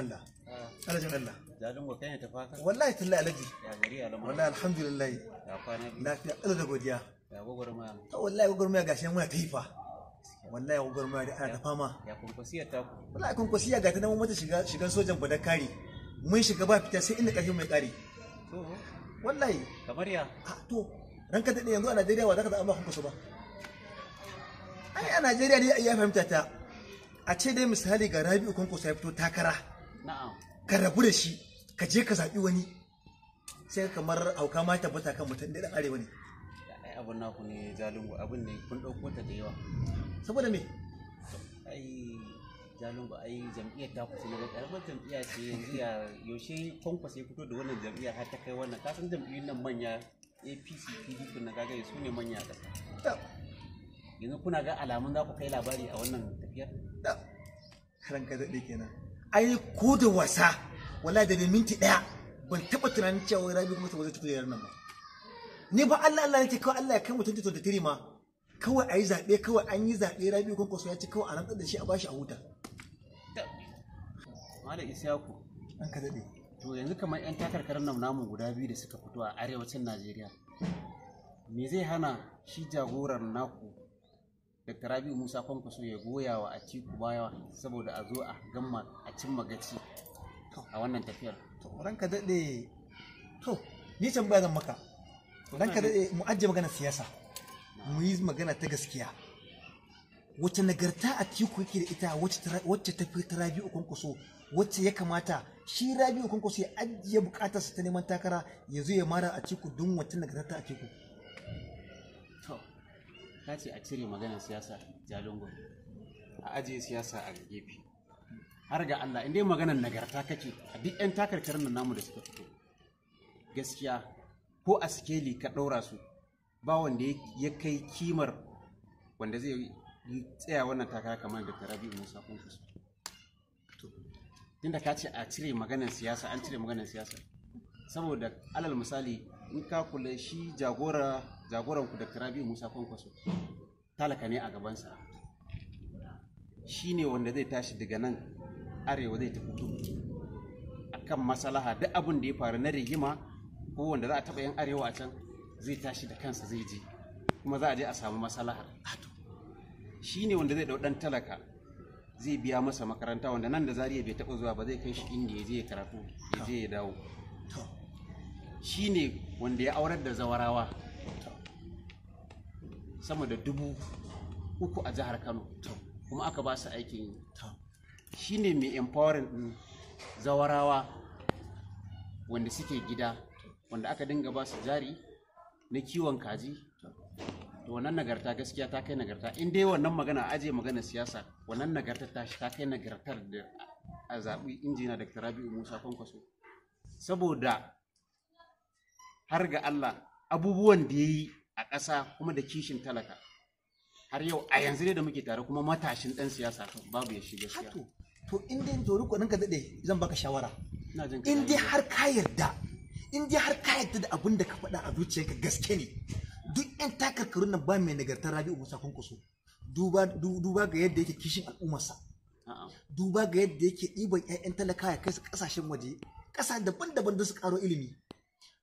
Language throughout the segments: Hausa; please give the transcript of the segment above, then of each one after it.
Allah alajin ah. wallahi ya gari lafiya da godiya ya to wallahi gashi ta wallahi da ana ta fama ya ta ku mata shigan sojan mun shiga ba fita sai inda mai wallahi kamar ya ah, to ranka daɗe yanzu a Najeriya wa zaka da ba kunkusu ba ai a Najeriya dai ya fahimta ta a ce dai misali ga Rabi'u kunkusu ya fito takara ka rabu da shi ka je ka zaɓi wani sai kamar auka ma tabbata kan mutum da arewa ne abin naku ne jalingo abin ne kun ɗauko ta da yawa saboda me ai jalingo ai jam'iyyar ta kusa daga ƙarfin jam'iyya ce yanzu ya yaushe kwankwas ya fito da wannan jam'iyya, har ta kai wannan kasan jam'iyyun nan manya apc pdp na gagaye su ne manya a ƙasa yanzu kuna ga alamun za ku kai labari a wannan tafiyar ranka daɗe kenan ai ko da wasa wallahi da minti daya ban taba tunanin cewa rabi kuma ta zai tafi da nan ba ni ba Allah Allah nake kawai Allah ya kai mutum da tiri ma kawai ayi zabe kawai an yi zabe rabi kuma so ya ci kawai a rantsar da shi a bashi a huta Malam isyaku an ka dade to yanzu kamar yan takarkarar nan namu guda biyu da suka fito a arewacin Najeriya me zai hana shi jagoran naku Dr. rabi Musa Kwankwaso ya goya wa Atiku baya saboda a zo a gamma a cimma gaci a wannan tafiyar. To ranka daɗe to ni can baya zan maka. Ranka daɗe mu ajiye magana siyasa. Mu yi magana ta gaskiya. Wacce nagarta Atiku yake da ita wacce ta fi ta Rabiu Kwankwaso wacce ya kamata shi Rabiu Kwankwaso ya ajiye bukatarsa ta neman takara ya zo ya mara Atiku don wacce nagarta Atiku. ka ce a cire maganar siyasa jalungo a ajiye siyasa a gefe har ga Allah inda maganar nagarta kake a duk 'yan takarkarin nan namu da suka fito gaskiya ko a sikeli ka ɗora su ba wanda ya kai kimar wanda zai yi tsaya wannan takara kamar da tarabi musa kunkus tunda ka ce a cire maganar siyasa an cire maganar siyasa saboda alal misali in ka kula shi jagora jagoran ku Dr. Rabi Musa Kwankwaso talaka ne a gabansa shi ne wanda zai tashi daga nan arewa zai tafi kudu akan masalaha duk abin da ya faru na rigima ko wanda za a taɓa yan arewa a can zai tashi da kansa zai je kuma za a je a samu masalahar shi ne wanda zai ɗau ɗan talaka zai biya masa makaranta wanda nan da zariya bai taɓa zuwa ba zai kai shi inda ya je ya karatu ya je ya dawo Shi ne wanda ya aurar da zawarawa sama da dubu uku a jihar kano kuma aka ba su aikin yi ne mai empowering din zawarawa wanda suke gida wanda aka dinga ba su jari na kiwon kaji to wannan nagarta gaskiya ta kai nagarta in dai wannan magana ajiye magana siyasa wannan nagarta ta ta kai nagartar da a zaɓi injina da rabi'u musa kwankwaso saboda har ga Allah abubuwan da ya yi a ƙasa kuma da kishin talaka har yau a yanzu ne da muke tare kuma matashin ɗan siyasa babu ya shiga siya to in dai dori kwanan ka daɗe zan baka shawara in dai har ka yarda in dai har ka yarda da abin da ka faɗa a zuciyarka gaske ne duk ƴan takarkarun nan ba mai nagartar rabi'u musa kwankwaso duba ga yadda yake kishin al'ummarsa duba ga yadda yake ɗiban ƴaƴan talaka ya kai su ƙasashen waje ƙasa daban-daban da su ƙaro ilimi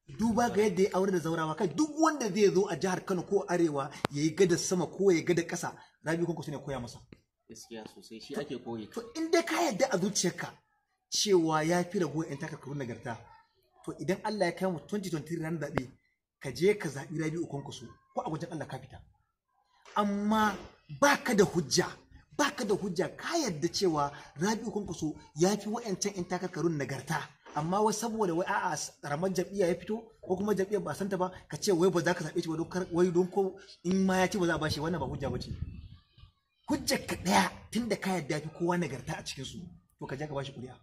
duba ga yadda ya aure da zaurawa kai duk wanda zai zo a jihar Kano ko arewa ya yi gada sama ko ya gada ƙasa Rabi Kwankwaso ne koya masa gaskiya sosai shi ake koyi to in dai ka yadda a zuciyarka cewa ya fi in taka takarkaru nagarta to idan Allah ya kai mu 2023 ran zaɓe ka je ka zaɓi Rabi Kwankwaso ko a wajen Allah ka fita amma baka da hujja baka da hujja ka yadda cewa Rabi Kwankwaso ya fi wa'ancan yan takarkarun nagarta amma wai saboda wai a'a ramar jam'iyya ya fito ko kuma jam'iyyar ba santa ba ka ce wai ba za ka zaɓe shi ba wai don ko in ma ya ce ba za a bashi wannan ba hujja ba ce Hujja ka ɗaya tunda ka yadda fi kowa nagarta a cikin su to ka je ka bashi kuri'a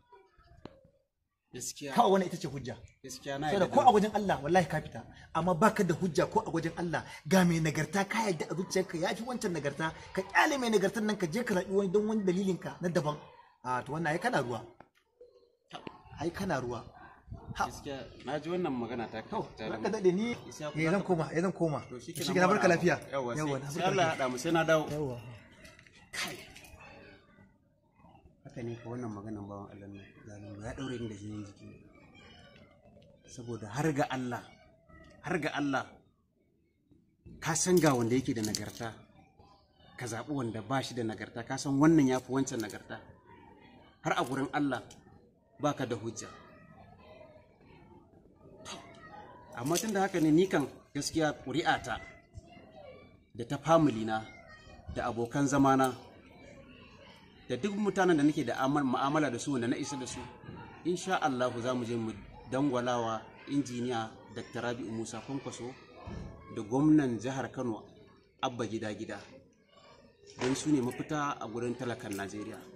kawai wannan ita ce hujja saboda ko a wajen Allah wallahi ka fita amma baka da hujja ko a wajen Allah ga mai nagarta ka yadda a zuciyarka ya fi wancan nagarta ka kyale mai nagartar nan ka je ka zaɓi wani don wani dalilin ka na daban a ah, to wannan ai kana ruwa ai kana ruwa na ji wannan magana ta kawo ta ranka dade ni ya eh, zan koma ya eh, zan koma shi ke na barka lafiya yawa sai Allah hada mu sai na dawo yawa haka ne ka wannan maganan bawan Allah ne zalimu ya daure ni da jinin jiki saboda har ga Allah har ga Allah ka san ga wanda yake da nagarta ka zaɓi wanda ba shi da nagarta ka san wannan ya fi wancan nagarta har a gurin Allah baka da hujja amma tun da haka ne ni kan gaskiya ƙuri'ata da ta famili na da abokan zama na, da duk mutanen da nake da ma'amala da su da na isa da su insha Allahu za mu je mu dangwalawa injiniya Dr. Rabi'u Musa Kwankwaso da gwamnan jihar Kano Abba Gida Gida don su ne mafita a gurin talakan Najeriya.